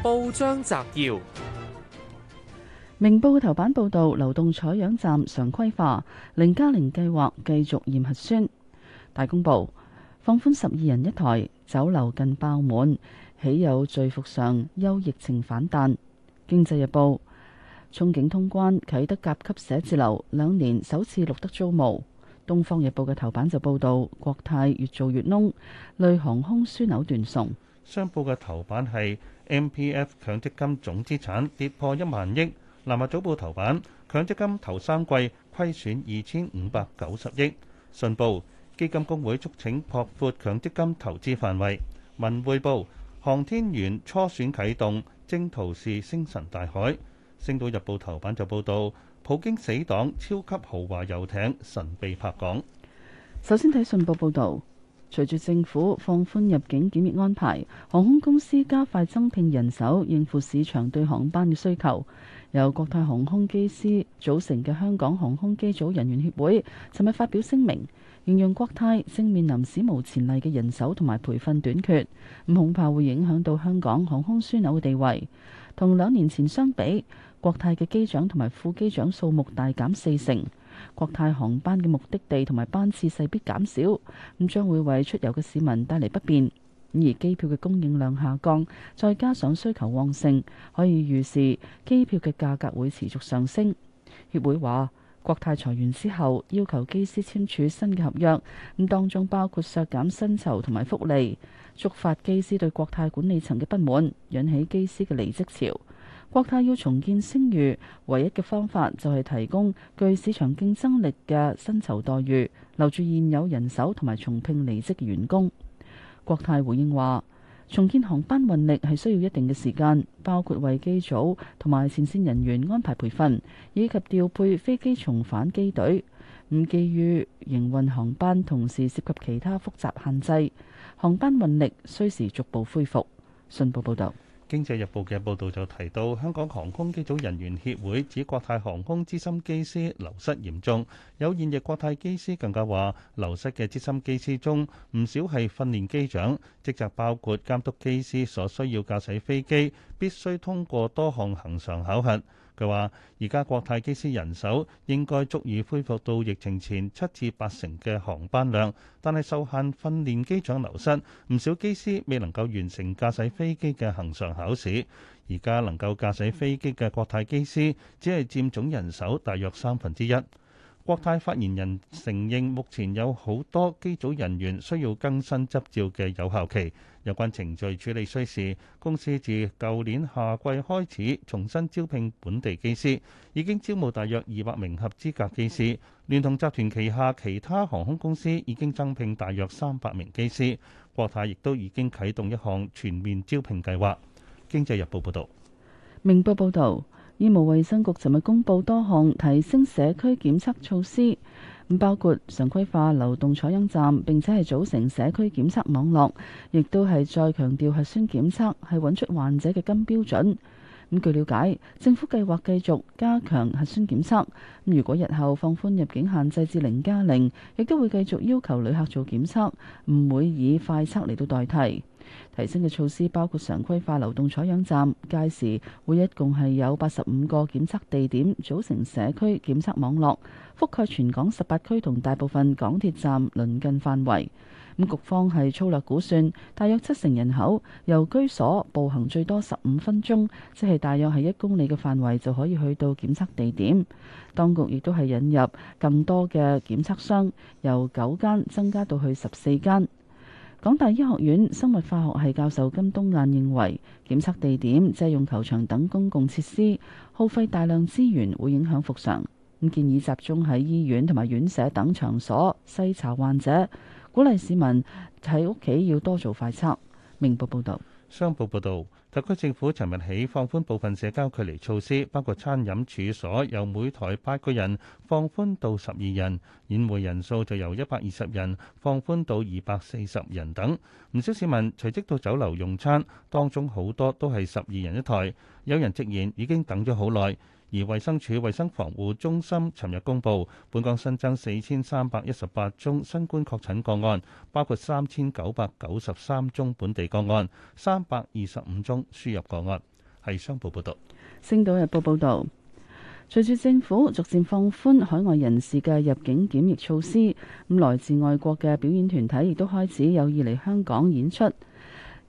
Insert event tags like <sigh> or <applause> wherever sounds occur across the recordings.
報章摘要：明報嘅頭版報道流動採樣站常規化，零加零計劃繼續驗核酸。大公報放寬十二人一台，酒樓近爆滿，豈有罪服上？憂疫情反彈。經濟日報憧憬通關，啟德甲級寫字樓兩年首次錄得租務。東方日報嘅頭版就報道國泰越做越窿，累航空樞紐斷送。商報嘅頭版係 MPF 強積金總資產跌破一萬億。南華早報頭版，強積金頭三季虧損二千五百九十億。信報基金公會促請擴闊強積金投資範圍。文匯報航天員初選啟動，征途是星辰大海。星島日報頭版就報導，普京死黨超級豪華遊艇神秘泊港。首先睇信報報導。隨住政府放寬入境檢疫安排，航空公司加快增聘人手應付市場對航班嘅需求。由國泰航空機師組成嘅香港航空機組人員協會，尋日發表聲明，形容國泰正面臨史無前例嘅人手同埋培訓短缺，咁恐怕會影響到香港航空樞紐嘅地位。同兩年前相比，國泰嘅機長同埋副機長數目大減四成。國泰航班嘅目的地同埋班次勢必減少，咁將會為出遊嘅市民帶嚟不便。而機票嘅供應量下降，再加上需求旺盛，可以預示機票嘅價格會持續上升。協會話，國泰裁員之後要求機師簽署新嘅合約，咁當中包括削減薪酬同埋福利，觸發機師對國泰管理層嘅不滿，引起機師嘅離職潮。國泰要重建聲譽，唯一嘅方法就係提供具市場競爭力嘅薪酬待遇，留住現有人手同埋重聘離職嘅員工。國泰回應話：重建航班運力係需要一定嘅時間，包括為機組同埋前線人員安排培訓，以及調配飛機重返機隊。唔基於營運航班，同時涉及其他複雜限制，航班運力需時逐步恢復。信報報導。經濟日報嘅報導就提到，香港航空機組人員協會指國泰航空資深機師流失嚴重，有現役國泰機師更加話，流失嘅資深機師中，唔少係訓練機長，職責包括監督機師所需要駕駛飛機，必須通過多項恆常考核。佢話而家國泰機師人手應該足以恢復到疫情前七至八成嘅航班量，但係受限訓練機長流失，唔少機師未能夠完成駕駛飛機嘅恆常考試，而家能夠駕駛飛機嘅國泰機師，只係佔總人手大約三分之一。國泰發言人承認，目前有好多機組人員需要更新執照嘅有效期，有關程序處理需時。公司自舊年夏季開始重新招聘本地機師，已經招募大約二百名合資格機師。聯同集團旗下其他航空公司，已經增聘大約三百名機師。國泰亦都已經啟動一項全面招聘計劃。經濟日報報導，明報報導。醫務衛生局尋日公布多項提升社區檢測措施，包括常規化流動採樣站，並且係組成社區檢測網絡，亦都係再強調核酸檢測係揾出患者嘅金標準。咁據了解，政府計劃繼續加強核酸檢測。如果日後放寬入境限制至零加零，0, 亦都會繼續要求旅客做檢測，唔會以快測嚟到代替。提升嘅措施包括常規化流動採樣站，屆時會一共係有八十五個檢測地點組成社區檢測網絡，覆蓋全港十八區同大部分港鐵站鄰近範圍。咁局方係粗略估算，大約七成人口由居所步行最多十五分鐘，即係大約係一公里嘅範圍就可以去到檢測地點。當局亦都係引入更多嘅檢測商，由九間增加到去十四間。港大醫學院生物化學系教授金冬雁認為檢測地點借用球場等公共設施，耗費大量資源，會影響復常。咁建議集中喺醫院同埋院舍等場所篩查患者，鼓勵市民喺屋企要多做快測，明報報道。商報報導，特區政府尋日起放寬部分社交距離措施，包括餐飲處所由每台八個人放寬到十二人，宴會人數就由一百二十人放寬到二百四十人等。唔少市民隨即到酒樓用餐，當中好多都係十二人一台，有人直言已經等咗好耐。而衛生署衞生防護中心尋日公布，本港新增四千三百一十八宗新冠確診個案，包括三千九百九十三宗本地個案，三百二十五宗輸入個案。係商報報道，《星島日報》報道，隨住政府逐漸放寬海外人士嘅入境檢疫措施，咁來自外國嘅表演團體亦都開始有意嚟香港演出。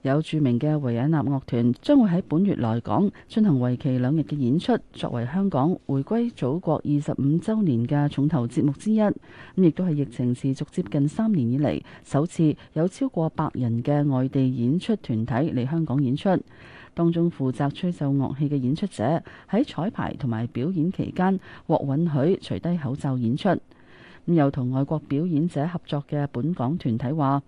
有著名嘅維也納樂團將會喺本月來港進行為期兩日嘅演出，作為香港回歸祖國二十五週年嘅重頭節目之一。咁亦都係疫情持續接近三年以嚟，首次有超過百人嘅外地演出團體嚟香港演出。當中負責吹奏樂器嘅演出者喺彩排同埋表演期間獲允許除低口罩演出。咁又同外國表演者合作嘅本港團體話：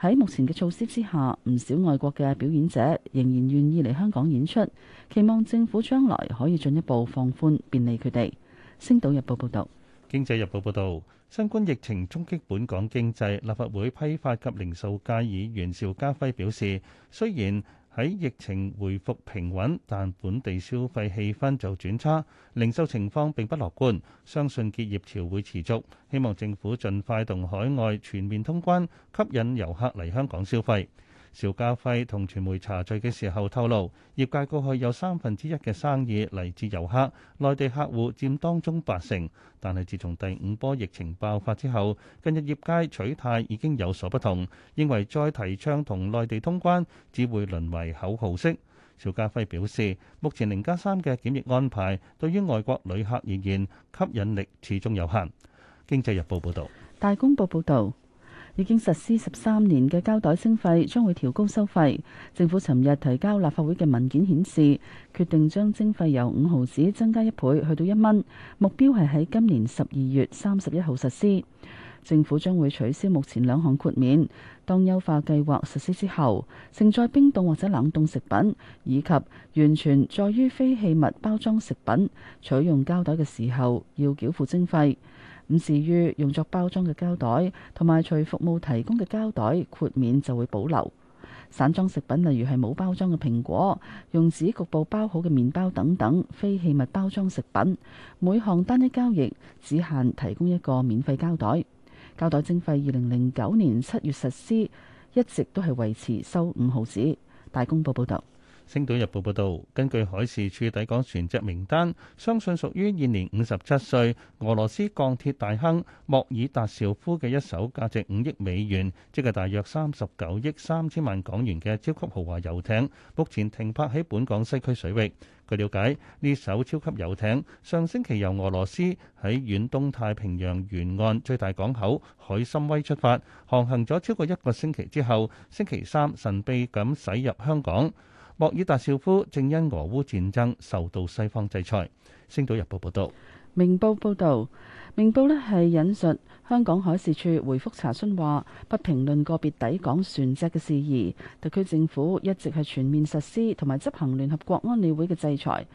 喺目前嘅措施之下，唔少外國嘅表演者仍然願意嚟香港演出，期望政府將來可以進一步放寬便利佢哋。星島日報報道，經濟日報報道，新冠疫情衝擊本港經濟，立法會批發及零售界議員邵家輝表示，雖然喺疫情恢復平穩，但本地消費氣氛就轉差，零售情況並不樂觀，相信結業潮會持續，希望政府盡快同海外全面通關，吸引遊客嚟香港消費。.邵家輝同傳媒茶敘嘅時候透露，業界過去有三分之一嘅生意嚟自遊客，內地客戶佔當中八成。但係自從第五波疫情爆發之後，近日業界取態已經有所不同，認為再提倡同內地通關只會淪為口號式。邵家輝表示，目前零加三嘅檢疫安排對於外國旅客而言吸引力始終有限。經濟日報報道，大公報報道。已經實施十三年嘅膠袋徵費，將會調高收費。政府尋日提交立法會嘅文件顯示，決定將徵費由五毫紙增加一倍，去到一蚊。目標係喺今年十二月三十一號實施。政府將會取消目前兩項豁免。當優化計劃實施之後，盛載冰凍或者冷凍食品，以及完全在於非器物包裝食品，取用膠袋嘅時候，要繳付徵費。唔至於用作包裝嘅膠袋，同埋隨服務提供嘅膠袋豁免就會保留。散裝食品例如係冇包裝嘅蘋果、用紙局部包好嘅麵包等等，非器物包裝食品，每項單一交易只限提供一個免費膠袋。膠袋徵費二零零九年七月實施，一直都係維持收五毫子。大公報報道。《星島日報》報道，根據海事處抵港船隻名單，相信屬於現年五十七歲俄羅斯鋼鐵大亨莫爾達紹夫嘅一艘價值五億美元（即係大約三十九億三千萬港元）嘅超級豪華遊艇，目前停泊喺本港西區水域。據了解，呢艘超級遊艇上星期由俄羅斯喺遠東太平洋沿岸最大港口海參崴出發，航行咗超過一個星期之後，星期三神秘咁駛入香港。莫爾達少夫正因俄烏戰爭受到西方制裁。星島日報報道：《明報》報道，《明報》咧係引述香港海事處回覆查詢，話不評論個別抵港船隻嘅事宜。特區政府一直係全面實施同埋執行聯合國安理會嘅制裁。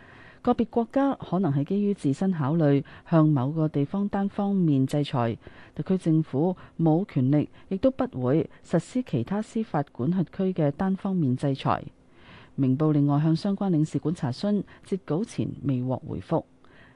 個別國家可能係基於自身考慮，向某個地方單方面制裁。特區政府冇權力，亦都不會實施其他司法管轄區嘅單方面制裁。明報另外向相關領事館查詢，截稿前未獲回覆。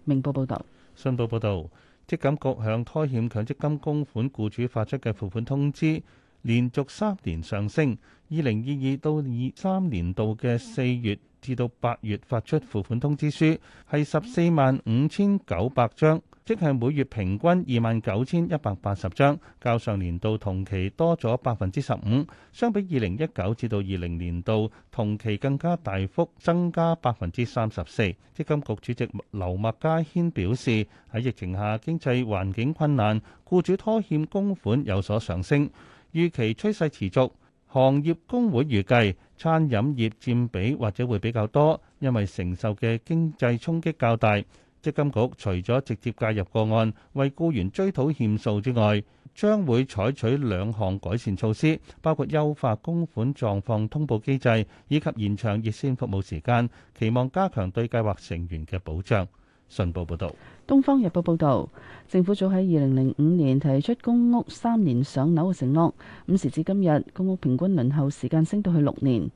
明報報道，信報報道，積金局向拖欠強積金供款僱主發出嘅付款通知，連續三年上升。二零二二到二三年度嘅四月至到八月發出付款通知書，係十四萬五千九百張。即係每月平均二萬九千一百八十張，較上年度同期多咗百分之十五，相比二零一九至到二零年度同期更加大幅增加百分之三十四。積金局主席劉麥嘉軒表示，喺疫情下經濟環境困難，雇主拖欠供款有所上升，預期趨勢持續。行業工會預計餐飲業佔比或者會比較多，因為承受嘅經濟衝擊較大。積金局除咗直接介入個案，為僱員追討欠數之外，將會採取兩項改善措施，包括優化供款狀況通報機制，以及延長熱線服務時間，期望加強對計劃成員嘅保障。信報報道，《東方日報》報道，政府早喺二零零五年提出公屋三年上樓嘅承諾，咁時至今日，公屋平均輪候時間升到去六年。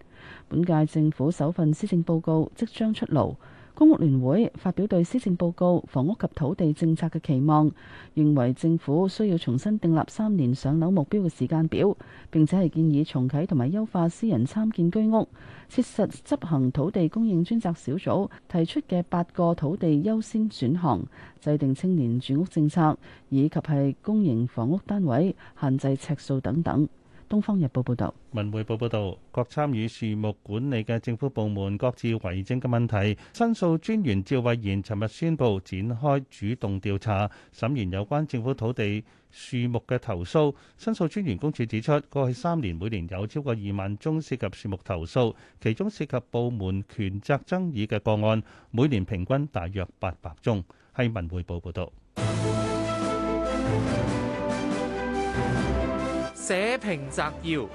本屆政府首份施政報告即將出爐。公屋聯會發表對施政報告房屋及土地政策嘅期望，認為政府需要重新訂立三年上樓目標嘅時間表，並且係建議重啟同埋優化私人參建居屋，切實執行土地供應專責小組提出嘅八個土地優先選項，制定青年住屋政策，以及係公營房屋單位限制尺數等等。《東方日報》報導，《文匯報》報道，各參與樹木管理嘅政府部門各自為政嘅問題。申訴專員趙慧賢尋日宣佈展開主動調查，審完有關政府土地樹木嘅投訴。申訴專員公署指出，過去三年每年有超過二萬宗涉及樹木投訴，其中涉及部門權責爭議嘅個案，每年平均大約八百宗。係《文匯報》報 <noise> 道樂。社評摘要，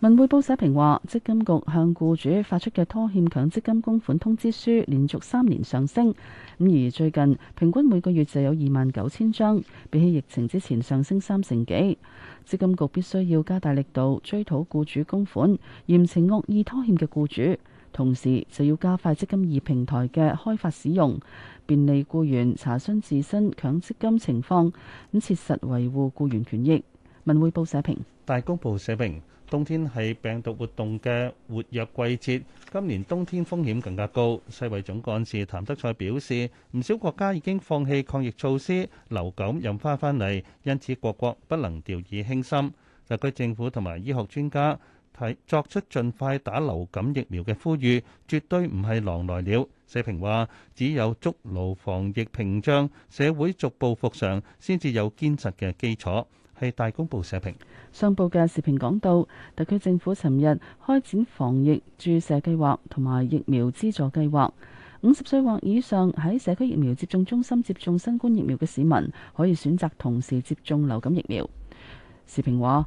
文匯報社評話，積金局向僱主發出嘅拖欠強積金供款通知書，連續三年上升。咁而最近平均每個月就有二萬九千張，比起疫情之前上升三成幾。積金局必須要加大力度追討僱主供款，嚴懲惡意拖欠嘅僱主，同時就要加快積金易平台嘅開發使用，便利僱員查詢自身強積金情況，咁切實維護僱員權益。文匯報社評，大公報社評：冬天係病毒活動嘅活躍季節，今年冬天風險更加高。世衛總幹事譚德塞表示，唔少國家已經放棄抗疫措施，流感又翻返嚟，因此各國不能掉以輕心。特區政府同埋醫學專家提作出盡快打流感疫苗嘅呼籲，絕對唔係狼來了。社評話，只有築牢防疫屏障，社會逐步復常，先至有堅實嘅基礎。係大公報社評上報嘅視頻講到，特區政府尋日開展防疫注射計劃同埋疫苗資助計劃，五十歲或以上喺社區疫苗接種中心接種新冠疫苗嘅市民，可以選擇同時接種流感疫苗。視頻話。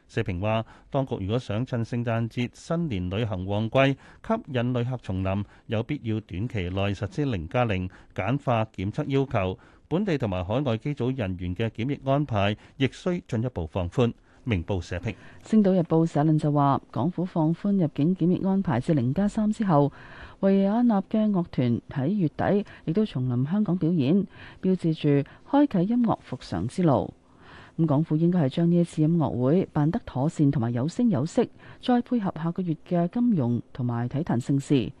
社評話，當局如果想趁聖誕節、新年旅行旺季吸引旅客重臨，有必要短期內實施零加零簡化檢測要求。本地同埋海外機組人員嘅檢疫安排亦需進一步放寬。明報社評。《星島日報》社論就話，港府放寬入境檢疫安排至零加三之後，維也納嘅樂團喺月底亦都重臨香港表演，標誌住開啓音樂復常之路。咁港府應該係將呢一次音樂會辦得妥善同埋有聲有色，再配合下個月嘅金融同埋體壇盛事，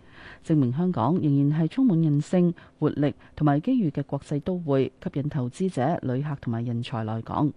證明香港仍然係充滿韌性、活力同埋機遇嘅國際都會，吸引投資者、旅客同埋人才來港。呢、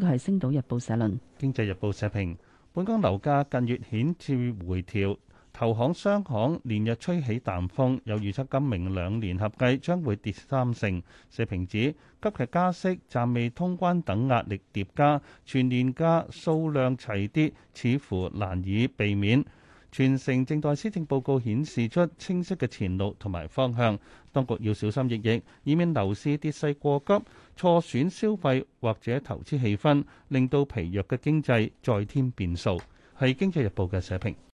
這個係星島日報社論，《經濟日報》社評：本港樓價近月顯著回調。投行、商行連日吹起淡風，有預測今明兩年合計將會跌三成。社評指急劇加息、暫未通關等壓力疊加，全年價數量齊跌，似乎難以避免。全城正待施政報告顯示出清晰嘅前路同埋方向，當局要小心翼翼，以免樓市跌勢過急，挫損消費或者投資氣氛，令到疲弱嘅經濟再添變數。係《經濟日報》嘅社評。